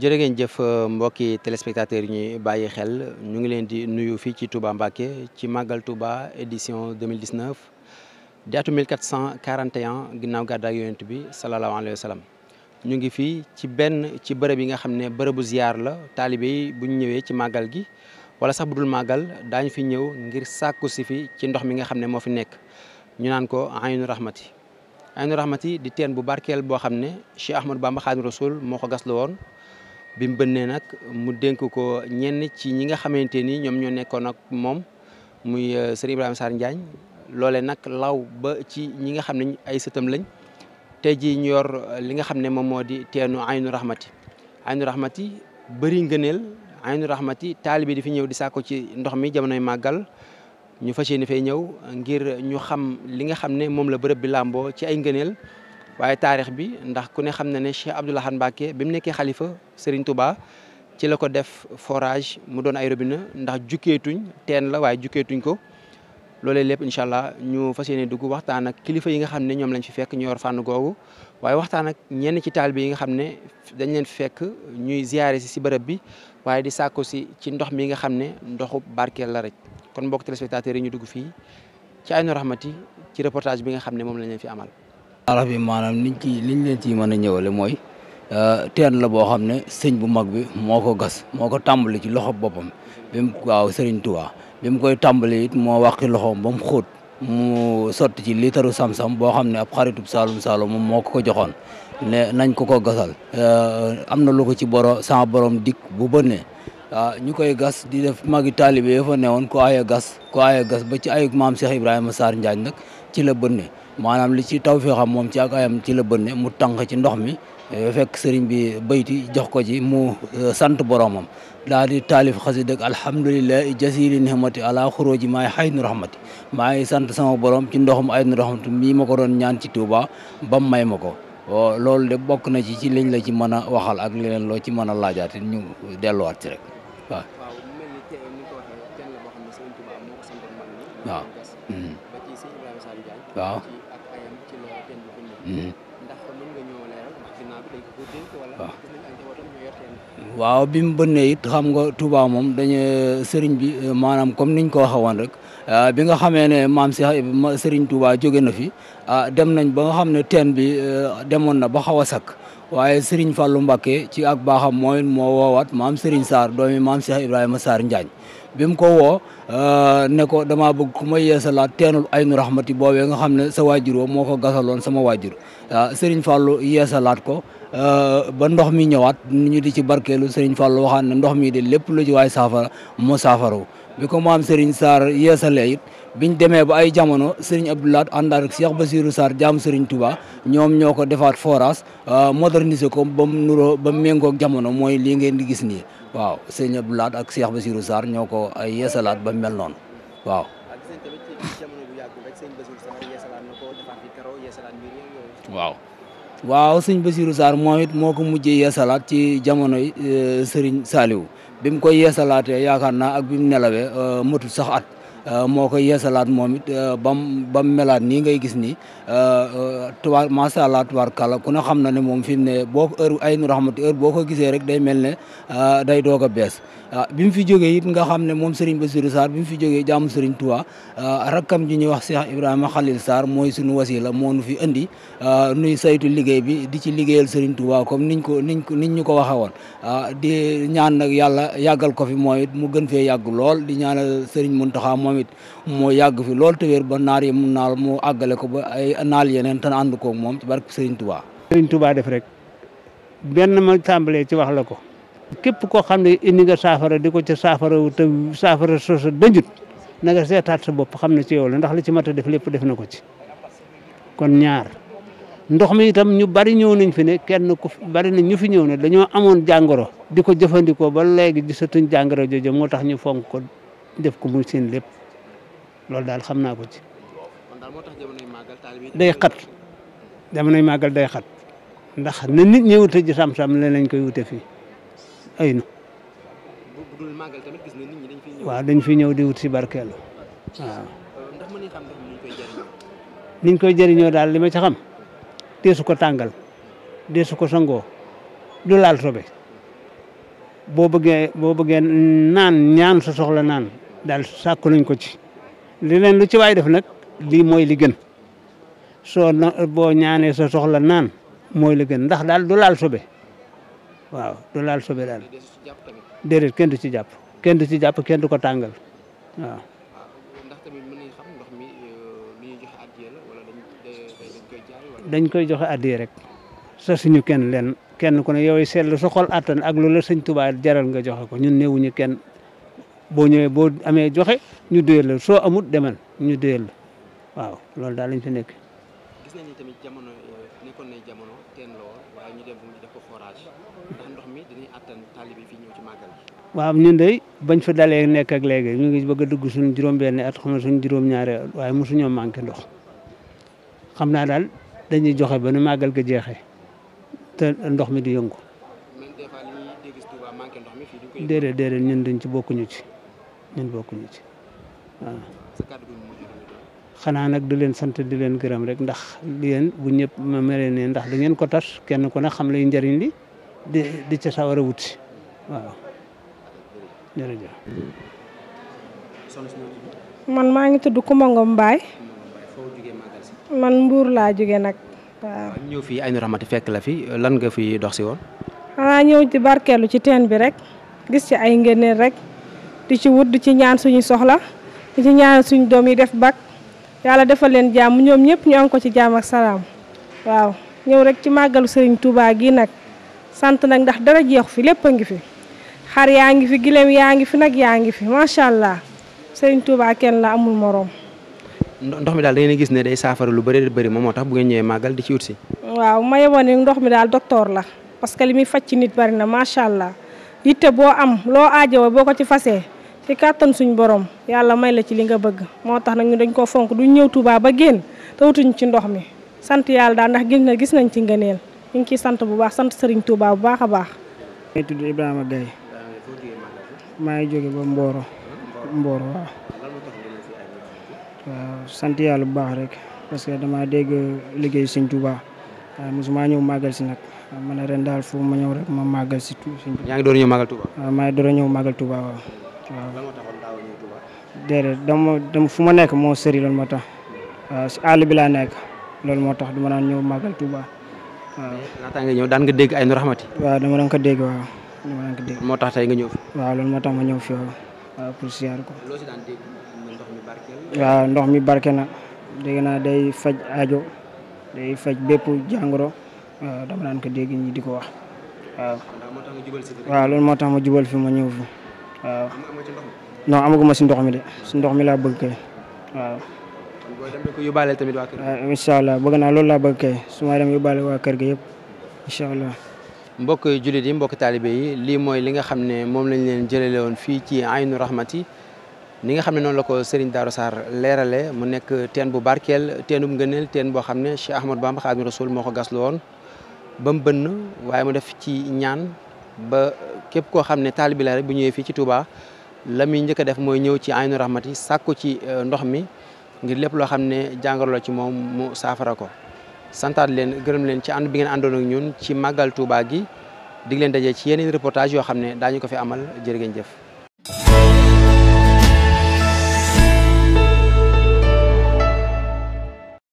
jërë ngeen jëf euh, mbokki téléspectateurs yi ñuy bàyyi xel ñu ngi leen di nuyu fii ci Touba Mbacké ci Magal Touba édition 2019 di atu 1441 ginnaaw gàddaay yonent bi salallaahu alayhi wa ñu ngi fii ci benn ci bërëb yi nga xam ne bërëbu ziar la taalibe yi bu ñu ñëwee ci màggal gi wala sax bu dul màggal daañu fi ñëw ngir sàkku si fi ci ndox mi nga xam ne moo fi nekk ñu naan ko aynu rahmati aynu rahmati di teen bu barkeel boo xam ne Cheikh Ahmadou Bamba Xaadimu Rasuul moo ko gas la woon bi mu bënnee nag mu dénk ko ñenn ci ñi nga xamante ni ñoom ñoo nekkoon ak moom muy euh, sëriñ Ibrahima Sarr Njaañ loole nag law ba ci ñi nga xam ne ay sëtam lañ tey jii ñu yor euh, li nga xam ne moom moo di teenu aynu rahmati aynu rahmati bëri ngëneel aynu rahmati taalibe di fi ñëw di sàkku ci ndox mi jamonoy màggal ñu fas yéene fay ñëw ngir ñu xam li nga xam ne moom la bërëb bi làmboo ci ay ngëneel waaye taarix bi ndax ku ne xam na ne Cheikh Abdoul Ahad Mbacké bi mu nekkee xalifa Serigne Touba ci la ko def forage mu doon ay robinet ndax jukkeetuñ teen la waaye jukkeetuñ ko. loolee lépp incha allah ñu fa yéene dugg waxtaan ak kilifa yi nga xam ne ñoom lañ fi fekk ñu fànn googu waaye waxtaan ak ñenn ci taalibe yi nga xam ne dañ leen fekk ñuy ziyaare si si bërëb bi waaye di sàkku si ci ndox mi nga xam ne ndoxu barkeel la rek kon mbokk téléspectateurs yi ñu dugg fii ci Aynou Rahmati ci reportage bi nga xam ne moom lañ leen fi amal. araf yi maanaam niñ ci liñ leen ciy mën a ñëwale mooy euh, teen la boo xam ne sëñ bu mag bi moo ko gas moo ko tàmbali ci loxo boppam bi mu waaw Serigne Touba koy tàmbali it moo wàqi loxo ba mu xóot mu sotti ci liitaru sam boo xam ne ab xaritub saalum saalum moom moo ko ko joxoon ne nañ ko ko gasal euh, am na lu ko ci boro sama borom dikk bu bënnee ah, ñu koy gas di def magi taalibe ya fa newoon ko aaya gas ko aaya gas ba ci ayuk maam Cheikh Ibrahima Sarr Njaañ nag ci la bënne maanaam li ci taw fii xam moom ci ak ayam ci la bënne mu tànk ci ndox mi eh, fekk sëriñ bi bayti jox ko ci mu eh, sant boromam daa di taalif xasida ak alhamdulilahi jasili nihmati ala xuróoji maay xaynu rahmati maa ngi sant sama borom ci ndoxum aynu rahmati mii ko doon ñaan ci Tuuba bam may ma ko oh, loolu de bokk na ci ci liñ la ci mën a waxal ak leneen loo ci mën a laajaat ñu delluwaat ci rek waaw Mm-hmm. ndax mën nga ñëw leeral ndax ginnaaw bi dañ ko ko dénk wala. waaw bi mu bënnee it xam nga Touba moom dañu sëriñ bi euh, maanaam comme niñ ko waxee woon rek euh, bi nga xamee ne maam si sëriñ Touba jóge na fi ah dem nañ ba nga xam ne teen bi demoon na ba xaw a sakk waaye sëriñ Fallou Mbacké ci ak baaxam mooy moo woowaat maam sëriñ Sarr doomi maam Cheikh Ibrahima Sarr Njaañ bi mu ko woo ne ko damaa bëgg ku may yeesalaat teenul ay nu rahmati boobee nga xam ne sa waajur woo moo ko gasaloon sama waajur Serigne Fallou yeesalaat ko Euh, ba ndox mi ñëwaat ñu di ci barkeelu Serigne Fallou waxaat na ndox mi de lépp lu ci waay saafara mu saafaraw bi ko maam Serigne Sarr yeesalee it biñ demee ba ay jamono Serigne Abdoulaat àndaat ak Cheikh Basirou Sarr jaam Serigne Touba ñoom ñoo ko defaat forage euh, moderniser ko ba mu nuroo ba mu jamono mooy lii ngeen di gis nii waaw Serigne Abdoulaat ak Cheikh Basirou Sarr ñoo ko euh, yeesalaat ba mel noonu waaw. waaw. waaw sëñ Bassirou Sarr moom it moo ko mujjee yeesalaat ci jamonoy eh, Serigne Saliou bi mu koy yeesalaatee yaakaar naa ak bi mu nelawee eh, matul sax at. Euh, moo ko yeesalaat moom it ba mu euh, ba mu melaat nii ngay gis nii euh, tubaar macha allah tubaar kàlla ku na xam na ne moom fi ne boo ko heure ay nu rahmati boo ko gisee rek day mel ne day doog a bees. bi mu fi jógee it nga xam ne moom ba Bassirou Sarr bi mu fi jógee jaamu tu Touba rakkam ji ñuy wax Cheikh Ibrahima Khalil saar mooy sunu wasila moo nu fi indi nuy saytu liggéey bi di ci liggéeyal Serigne Touba comme niñ ko niñ ko niñ ñu ko waxee woon di ñaan nag yàlla yàggal ko fi mooy mu gën fee yàgg lool di ñaanal Serigne Mountakha moom moo yàgg fi lool te wér ba naar yi mu naal moo àggale ko ba ay naal yeneen tan ànd koog moom ci barke Serigne Touba. Serigne Touba def rek benn ma tàmbalee ci wax la ko. képp koo xam ne indi nga saafara di ko ca saafara te saafara soosa dënjut naga nga seetaat sa bopp xam ne ci yow la ndax li ci mat def lépp def na ko ci kon ñaar ndox mi itam ñu bari ñëw nañ fi ne kenn ku bari na ñu fi ñëw ne dañoo amoon jàngoro di ko jëfandikoo ba léegi gisatuñ jàngoro jooju moo tax ñu fonk ko ko muy seen lépp loolu daal xam naa ko ci. day xat jamonoy màggal day xat ndax na nit ñi wute ji sam-sam leen koy wute fii ay na waaw dañ fi ñëw di wut si barkeelu waaw niñ koy jëriñoo daal li ma ci xam deesu ko tàngal deesu ko sangoo du laal sobe boo bëggee boo bëggee naan ñaan sa soxla naan daal sàkku nañ ko ci li leen lu ci waay def nag lii mooy li gën na boo ñaanee sa soxla naan mooy li gën ndax daal du laal sobe waaw laal sobe daal déedéet kenn du ci jàpp kenn du ci jàpp kenn du ko tàngal dañ koy joxe addiya rek sa suñu kenn leen kenn ku ne yooyu seetlu sa xol attan ak lu la sëñ Tuubaa jaral nga joxe ko ñun néewuñu kenn. boo ñëwee boo amee joxe ñu doyal la soo amut demal ñu doyal la waaw loolu daal lañ fi nekk. gis nañ ni tamit jamono jamono teen la woon ñu dem bañ fa dalee nekk ak léegi ñu ngi bëgg a dugg suñu juróom-benn at xam waaye mosuñoo manqué ndox xam naa daal dañuy joxe ba nu màggal ga jeexee te ndox mi di yëngu. déedéet déedéet ñun dañ ci bokkuñu ci. ñun bokkuñu ci waaw. xanaa nag di leen sant di leen gërëm rek ndax yéen bu ñëpp ma meree ndax da ngeen ko tas kenn ku ne xam lay njariñ li di di ca sawar a wuti waaw man maa ngi tudd Coumba Ngom Mbaye. man mbuur laa jóge nag. waaw ñëw fii Aynou Rahmati fekk la fi lan nga fi dox si woon. xanaa ñëw ci barkeelu ci teen bi rek gis ci ay ngëneel rek. di ci wut di ci ñaan suñu soxla di ci ñaan suñu doom yi def bac yàlla defal leen jàmm ñoom ñëpp ñu am ko ci jàmm ak salaam waaw ñëw rek ci màggalu sëriñ Touba gi nag sant nag ndax dara jeexu fi lépp a ngi fi xar yaa ngi fi gileem yaa ngi fi nag yaa ngi fi macha allah Serigne Touba kenn la amul moroom. ndox mi daal da ngeen gis ne day saafara lu bëri bëri moom moo tax bu ngeen ñëwee màggal di ci ut si. waaw ma yeboon ni ndox mi daal docteur la parce que li muy ci nit bari na macha allah yitte boo am loo aajowoo ci fasee. li kàttan suñ borom yàlla may la ci li nga bëgg moo tax nag dañ koo fonk du ñëw Touba ba génn te wutuñ ci ndox mi sant yàlla daal ndax gis na gis nañ ci ngëneel ñu ngi ciy sant bu baax sant Serigne Touba bu baax a baax. maa ngi ngi jóge ba Mboro Mboro bu baax rek parce que dégg liggéey Sëñ Touba waaw mosuma ñëw màggal si nag man ren daal foofu ma ñëw rek ma màggal si Sëñ Touba. yaa ngi door a ñëw màggal Touba. waaw lan moo fu ma nekk moo sëri loolu moo tax waaw si àll bi laa nekk loolu moo tax dama daan ñëw màggal Touba waaw. ñëw daan nga dégg dama daan ko dégg waaw dama daan ko dégg. moo tax tey nga ñëw fi. waaw ma ñëw fi waaw waaw ndox mi barke na. na dégg faj aajo day faj dégg ñi di ko wax waaw. waaw loolu moo tax ma jubal fi ma ñëw fi. waaw. non amaguma si ndox mi de si ndox mi laa bëgg kay waaw. waaw incha allah bëgg naa loolu laa bëgg kay su ma dem yóbbaale waa kër gi yëpp incha allah. mbokk jullit yi mbokk taalibe yi lii mooy li nga xam ne moom lañ leen jëlale woon fii ci Aynu Rahmati ni nga xam ne noonu la ko sëriñ Darou Sarr leerale mu nekk teen bu barkeel teenum ngëneel teen boo xam ne Cheikh Ahmadou Bamba Xaadimu Rasuul moo ko gaslu woon ba mu waaye mu def ci ñaan. ba képp koo xam ne taalibi la rek bu ñëwee fii ci Touba la muy njëkk def mooy ñëw ci aynu rahmati sàkku ci euh, ndox mi ngir lépp loo xam ne jàngoro ci moom mu saafara ko santaat leen gërëm leen ci ànd bi ngeen àndoon ñun ci màggal Touba gi dig leen dajee ci yeneen reportage yoo xam ne daañu ko fi amal jërë ngeen